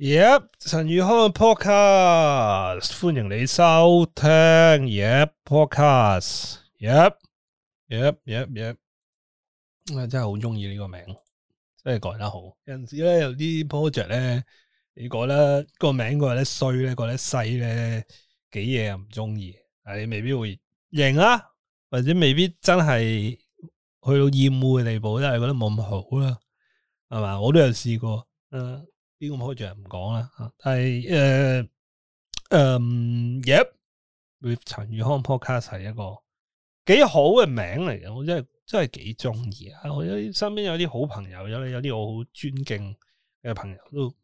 Yep，陳宇康的 podcast，歡迎你收聽。Yep，podcast，Yep，Yep，Yep，yep yep, yep, yep.、嗯、真係好中意呢個名，真係改得好。有陣時咧，有啲 project 咧，你覺得個名覺得衰咧，覺得細咧，幾嘢又唔中意，但係你未必會認啊或者未必真係去到厭惡嘅地步，真係覺得冇咁好啦，係嘛？我都有試過，嗯。邊個開住唔講啦，但係誒誒，With 陳宇康 Podcast 係一個幾好嘅名嚟嘅，我真係真係幾中意啊！我啲身邊有啲好朋友，有啲有啲我好尊敬嘅朋友都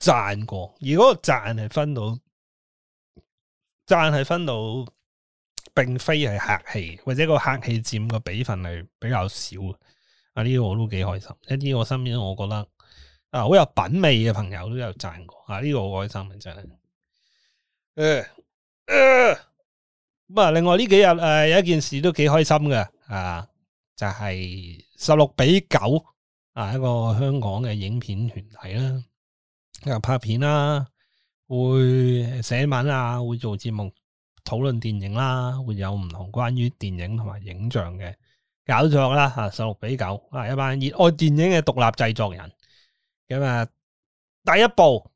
讚過，而嗰個讚係分到讚係分到，是分到並非係客氣，或者個客氣佔個比分係比較少啊，呢個我都幾開心，一啲我身邊我覺得。啊，好有品味嘅朋友都有讚過，啊呢、這個好開心真係，誒、呃，咁、呃、啊，另外呢幾日誒、啊、有一件事都幾開心嘅，啊，就係十六比九啊一個香港嘅影片團體啦、啊，拍片啦、啊，會寫文啊，會做節目討論電影啦、啊，會有唔同關於電影同埋影像嘅搞作啦，啊十六比九啊一班熱愛電影嘅獨立製作人。咁啊，第一部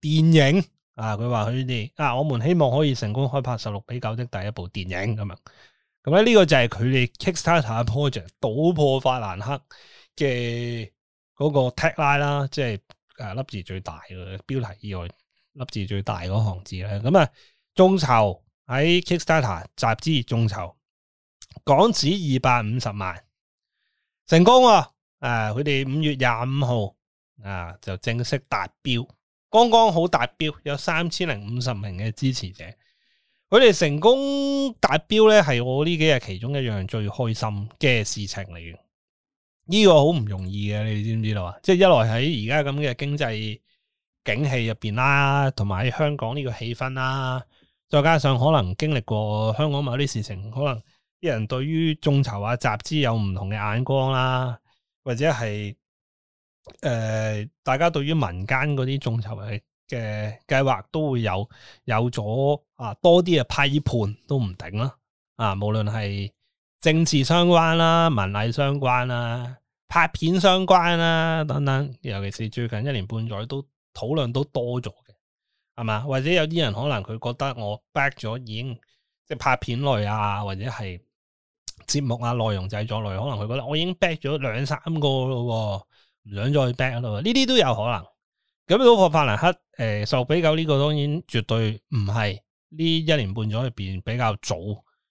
電影啊，佢話佢哋啊，我們希望可以成功開拍十六比九的第一部電影咁樣。咁咧呢個就係佢哋 Kickstarter Project 倒破法蘭克嘅嗰個 tagline 啦，即係誒粒字最大嘅標題以外粒字最大嗰行字咧。咁啊，眾籌喺 Kickstarter 集資眾籌，港紙二百五十萬成功啊！誒、啊，佢哋五月廿五號。啊！就正式達標，剛剛好達標，有三千零五十名嘅支持者，佢哋成功達標咧，係我呢幾日其中一樣最開心嘅事情嚟嘅。呢個好唔容易嘅，你哋知唔知道啊？即係一來喺而家咁嘅經濟景氣入邊啦，同埋喺香港呢個氣氛啦，再加上可能經歷過香港某啲事情，可能啲人對於眾籌啊集資有唔同嘅眼光啦，或者係。誒、呃，大家對於民間嗰啲眾籌嘅嘅計劃都會有有咗啊多啲嘅批判，都唔定啦啊，啊，無論係政治相關啦，、啊、文藝相關啦，、啊、拍片相關啦，、啊、等等，尤其是最近一年半載都討論都多咗嘅，係咪？或者有啲人可能佢覺得我 back 咗已經即係拍片類啊，或者係節目啊、內容製作類，可能佢覺得我已經 back 咗兩三個咯、啊。唔想再 back 咯，呢啲都有可能。咁老佛法蘭克，誒、呃，十比九呢個當然絕對唔係呢一年半咗入邊比較早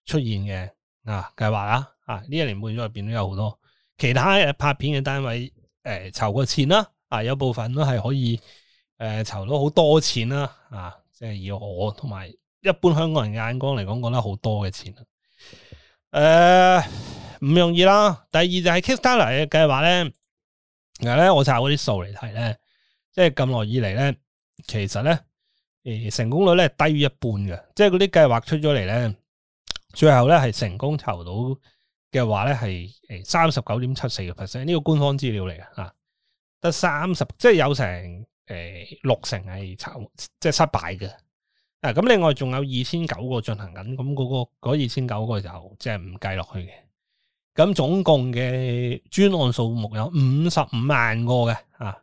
出現嘅啊計劃啦。啊，呢、啊、一年半咗入邊都有好多其他拍片嘅單位，誒、呃，籌過錢啦、啊。啊，有部分都係可以，誒、呃，籌到好多錢啦、啊。啊，即係以我同埋一般香港人嘅眼光嚟講，覺得好多嘅錢、啊。誒、呃，唔容易啦。第二就係 Kickstarter 嘅計劃咧。嗱咧，我查嗰啲數嚟睇咧，即係咁耐以嚟咧，其實咧，誒成功率咧低於一半嘅，即係嗰啲計劃出咗嚟咧，最後咧係成功籌到嘅話咧係誒三十九點七四個 percent，呢個官方資料嚟嘅吓，得三十，即係有成誒六、呃、成係即係失敗嘅。啊，咁另外仲有二千九個進行緊，咁、嗰、嗰個二千九個就即係唔計落去嘅。咁總共嘅專案數目有五十五萬個嘅，啊，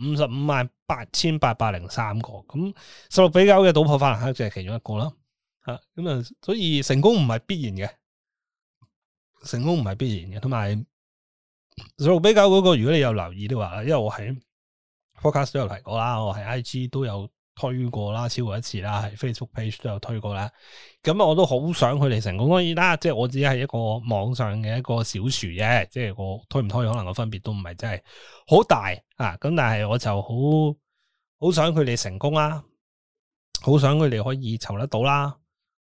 五十五萬八千八百零三個。咁十六比九嘅賭博法則，就係其中一個啦，吓咁啊，所以成功唔係必然嘅，成功唔係必然嘅，同埋十六比九嗰、那個，如果你有留意的話，因為我喺 focus 都有提過啦，我喺 IG 都有。推過啦，超過一次啦，係 Facebook page 都有推過啦。咁啊，我都好想佢哋成功可以啦，即係我只係一個網上嘅一個小樹啫，即係我推唔推，可能個分別都唔係真係好大啊。咁但係我就好好想佢哋成功啦，好想佢哋可以籌得到啦，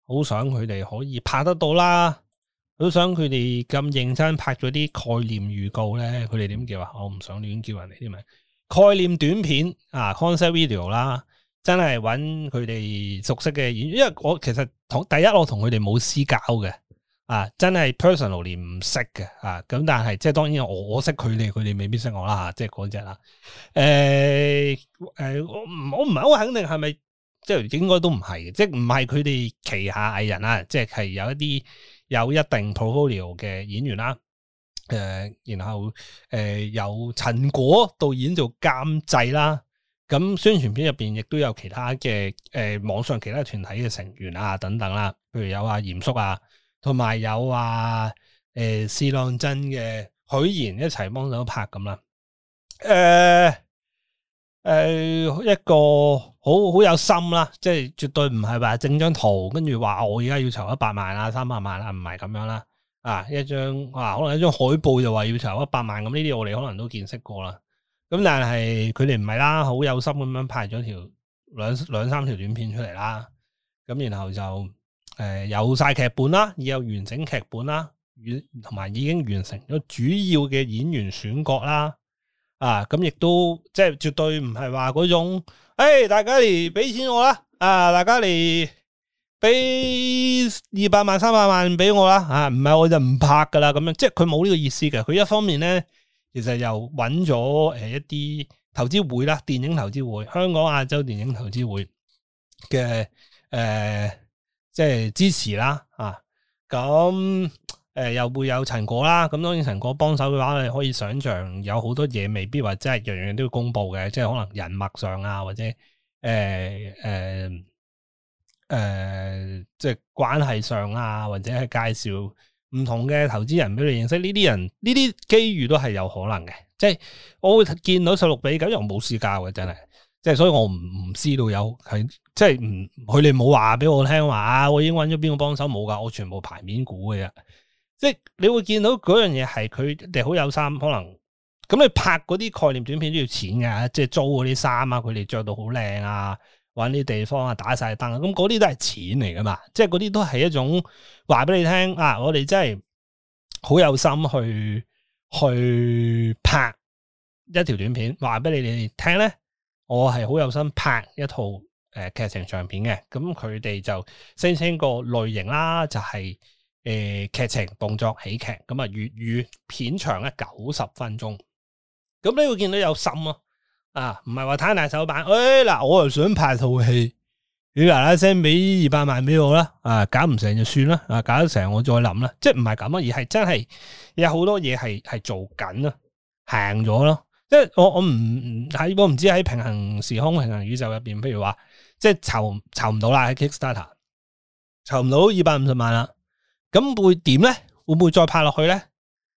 好想佢哋可以拍得到啦，都想佢哋咁認真拍咗啲概念預告咧。佢哋點叫啊？我唔想亂叫人哋啲名。概念短片啊，concept video 啦。真係揾佢哋熟悉嘅演員，因為我其實同第一，我同佢哋冇私交嘅啊，真係 personally 唔識嘅啊，咁但係即係當然我我識佢哋，佢哋未必識我啦，即係嗰隻啦。誒、欸、誒、欸，我我唔係好肯定係咪，即係應該都唔係，即係唔係佢哋旗下藝人啦，即係係有一啲有一定 profile 嘅演員啦。誒、呃，然後誒由陳果導演做監製啦。咁宣傳片入邊亦都有其他嘅誒、呃、網上其他團體嘅成員啊等等啦，譬如有阿嚴叔啊，同埋有啊誒試、呃、當真嘅許賢一齊幫手拍咁啦。誒、呃、誒、呃、一個好好有心啦，即係絕對唔係話整張圖跟住話我而家要籌一百萬啊三百萬啊唔係咁樣啦啊一張啊可能一張海報就話要籌一百萬咁呢啲我哋可能都見識過啦。咁但係佢哋唔係啦，好有心咁樣拍咗條兩兩三條短片出嚟啦。咁然後就誒有晒劇本啦，有完整劇本啦，同埋已經完成咗主要嘅演員選角啦。啊，咁、啊、亦都即係絕對唔係話嗰種，誒、哎，大家嚟俾錢我啦，啊，大家嚟俾二百萬三百萬俾我啦，啊，唔係我就唔拍噶啦。咁樣即係佢冇呢個意思嘅，佢一方面咧。其實又揾咗誒一啲投資會啦，電影投資會，香港亞洲電影投資會嘅誒、呃，即係支持啦，啊，咁、嗯、誒、呃、又會有陳果啦，咁當然陳果幫手嘅話，你可以想象有好多嘢未必話真係樣樣都要公佈嘅，即係可能人脈上啊，或者誒誒誒，即係關係上啊，或者係介紹。唔同嘅投資人俾你認識呢啲人，呢啲機遇都係有可能嘅。即係我會見到十六比九，又冇市價嘅，真係。即係所以我唔唔知道有即係唔佢哋冇話俾我聽話，啊，我已經揾咗邊個幫手冇噶，我全部排面估嘅啫。即係你會見到嗰樣嘢係佢哋好有心，可能咁你拍嗰啲概念短片都要錢㗎，即係租嗰啲衫啊，佢哋着到好靚啊。搵啲地方啊，打晒燈啊，咁嗰啲都係錢嚟噶嘛，即係嗰啲都係一種話俾你聽啊，我哋真係好有心去去拍一條短片，話俾你哋聽咧，我係好有心拍一套誒劇情長片嘅，咁佢哋就聲稱個類型啦，就係誒劇情、動作、喜劇，咁啊粵語片長咧九十分鐘，咁你會見到有心咯，啊。啊，唔係話攤大手板，誒、哎、嗱，我又想拍套戲，你嗱嗱聲俾二百萬俾我啦，啊，搞唔成就算啦，啊，搞得成我再諗啦，即係唔係咁啊，而係真係有好多嘢係係做緊啊，行咗咯，即係我我唔喺我唔知喺平行時空平行宇宙入邊，譬如話即係籌籌唔到啦喺 Kickstarter，籌唔到二百五十萬啦，咁會點咧？會唔會再拍落去咧？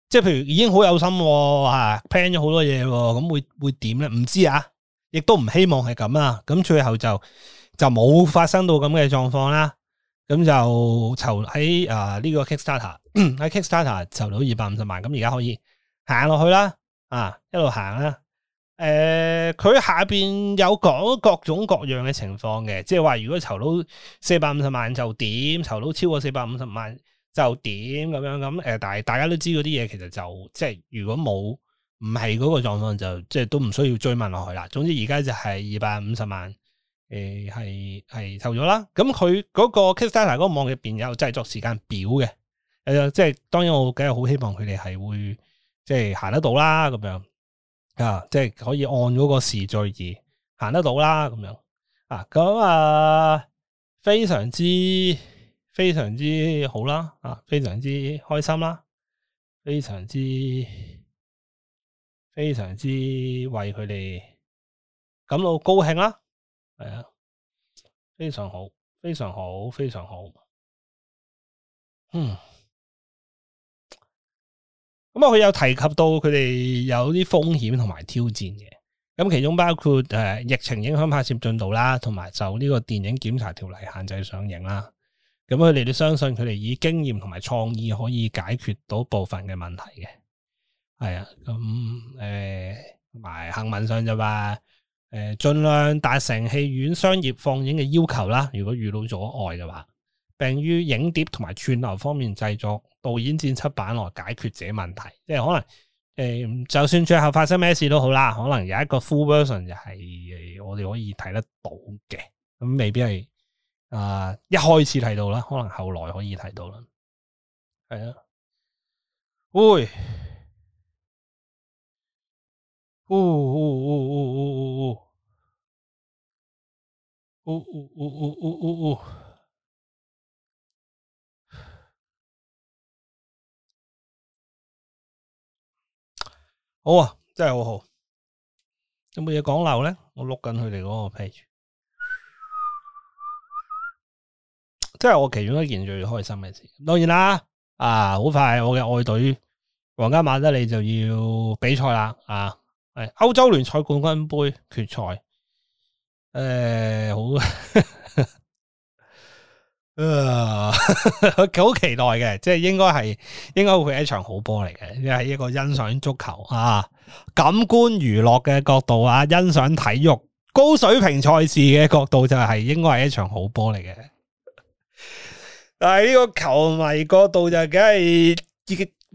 即係譬如已經好有心喎 plan 咗好多嘢，咁會會點咧？唔知啊，亦、啊啊啊、都唔希望係咁啊。咁最後就就冇發生到咁嘅狀況啦。咁就籌喺呢個 Kickstarter 喺 Kickstarter 籌到二百五十萬，咁而家可以行落去啦。啊，一路行啦。誒、呃，佢下邊有講各種各樣嘅情況嘅，即係話如果籌到四百五十萬就點，籌到超過四百五十萬。就點咁樣咁誒？但、呃、係大家都知嗰啲嘢，其實就即係如果冇唔係嗰個狀況，就即係都唔需要追問落去啦。總之而家就係二百五十萬誒，係係投咗啦。咁佢嗰個 Kickstarter 嗰個網入邊有製作時間表嘅，誒、呃，即係當然我梗係好希望佢哋係會即係行得到啦，咁樣啊，即係可以按嗰個時序而行得到啦，咁樣啊，咁啊，非常之。非常之好啦，啊，非常之開心啦，非常之非常之為佢哋感到高興啦，係啊，非常好，非常好，非常好。嗯，咁啊，佢有提及到佢哋有啲風險同埋挑戰嘅，咁其中包括誒疫情影響拍攝進度啦，同埋就呢個電影檢查條例限制上映啦。咁佢哋都相信佢哋以經驗同埋創意可以解決到部分嘅問題嘅，係啊。咁誒，同埋行文上就話，誒、欸，盡量達成戲院商業放映嘅要求啦。如果遇到阻礙嘅話，并於影碟同埋串流方面製作、導演剪輯版來解決這問題。即係可能，誒、欸，就算最後發生咩事都好啦，可能有一個 full version 就係我哋可以睇得到嘅，咁未必係。啊！一開始睇到啦，可能後來可以睇到啦。係啊，喂，嗚嗚嗚嗚嗚嗚嗚，嗚嗚嗚嗚嗚嗚，好啊，真係好好。有冇嘢講漏咧？我 look 緊佢哋嗰個 page。即係我其中一件最開心嘅事。當然啦，啊，好快我嘅愛隊皇家馬德里就要比賽啦，啊，歐洲聯賽冠軍盃決賽。誒、呃，好， 啊，好 期待嘅，即係應該係應該會係一場好波嚟嘅。喺一個欣賞足球啊、感官娛樂嘅角度啊，欣賞體育高水平賽事嘅角度、就是，就係應該係一場好波嚟嘅。但係呢個球迷角度就梗係，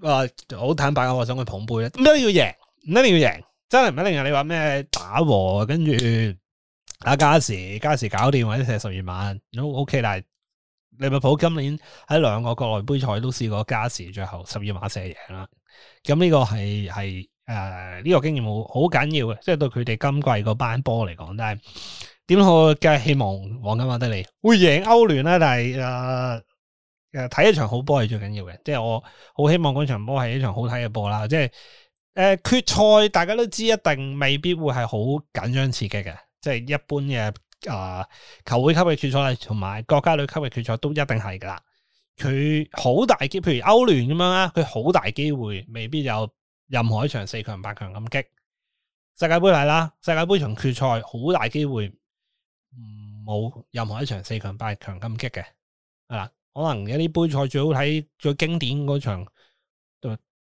啊，好坦白，我想去捧杯咧。唔一定要贏，唔一定要贏，真係唔一定啊！你話咩打和，跟住打加時，加時搞掂或者射十二碼都 OK。但係利物浦今年喺兩個國內杯賽都試過加時，最後十二碼射贏啦。咁呢個係係誒呢個經驗好好緊要嘅，即係對佢哋今季個班波嚟講。但係點好？梗係希望黃金馬德里會贏歐聯啦。但係誒。呃誒，睇一場好波係最緊要嘅，即係我好希望嗰場波係一場好睇嘅波啦。即係誒，決賽大家都知一定未必會係好緊張刺激嘅，即係一般嘅誒、呃，球會級嘅決賽同埋國家隊級嘅決賽都一定係噶啦。佢好大機，譬如歐聯咁樣啦，佢好大機會未必有任何一場四強八強咁激。世界盃係啦，世界盃場決賽好大機會冇任何一場四強八強咁激嘅，啊！可能有啲杯賽最好睇最經典嗰場，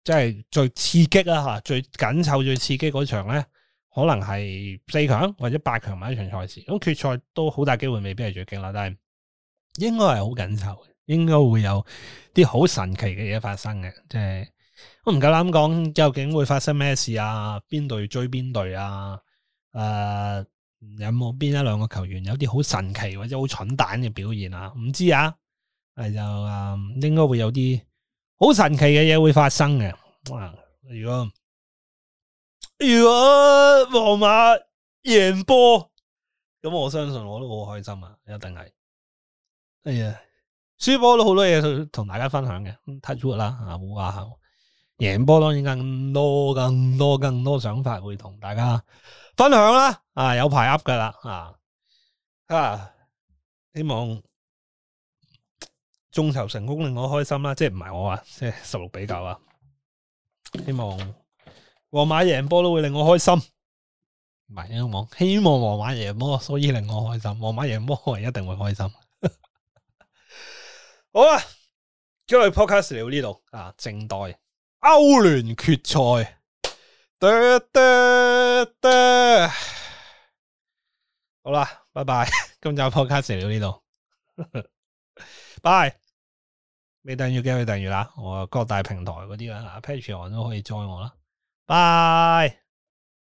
即係最刺激啦吓，最緊湊最刺激嗰場咧，可能係四強或者八強埋一場賽事。咁決賽都好大機會未必係最勁啦，但係應該係好緊湊嘅，應該會有啲好神奇嘅嘢發生嘅。即係我唔夠膽講究竟會發生咩事啊，邊隊追邊隊啊？誒啊，有冇邊一兩個球員有啲好神奇或者好蠢蛋嘅表現啊？唔知啊。係就嗯，應該會有啲好神奇嘅嘢會發生嘅。啊，如果如果皇馬贏波，咁我相信我都好開心啊，一定係。哎呀輸波都好多嘢同大家分享嘅，touch wood 啦啊！冇話贏波，當然更多、更多、更多想法會同大家分享啦。啊，有排 up 㗎喇啊啊，希望。眾籌成功令我開心啦，即係唔係我啊，即係十六比九啊！希望皇馬贏波都會令我開心。唔係咁講，希望皇馬贏波，所以令我開心。皇馬贏波我一定會開心。 好啊，今日 podcast 嚟到呢度啊，靜待歐聯決賽。好啦、啊，拜拜。今日 podcast 嚟到呢度，拜。 未訂閱嘅可以訂閱啦，我各大平台嗰啲啦，啊，Patreon 都可以 join 我啦，拜。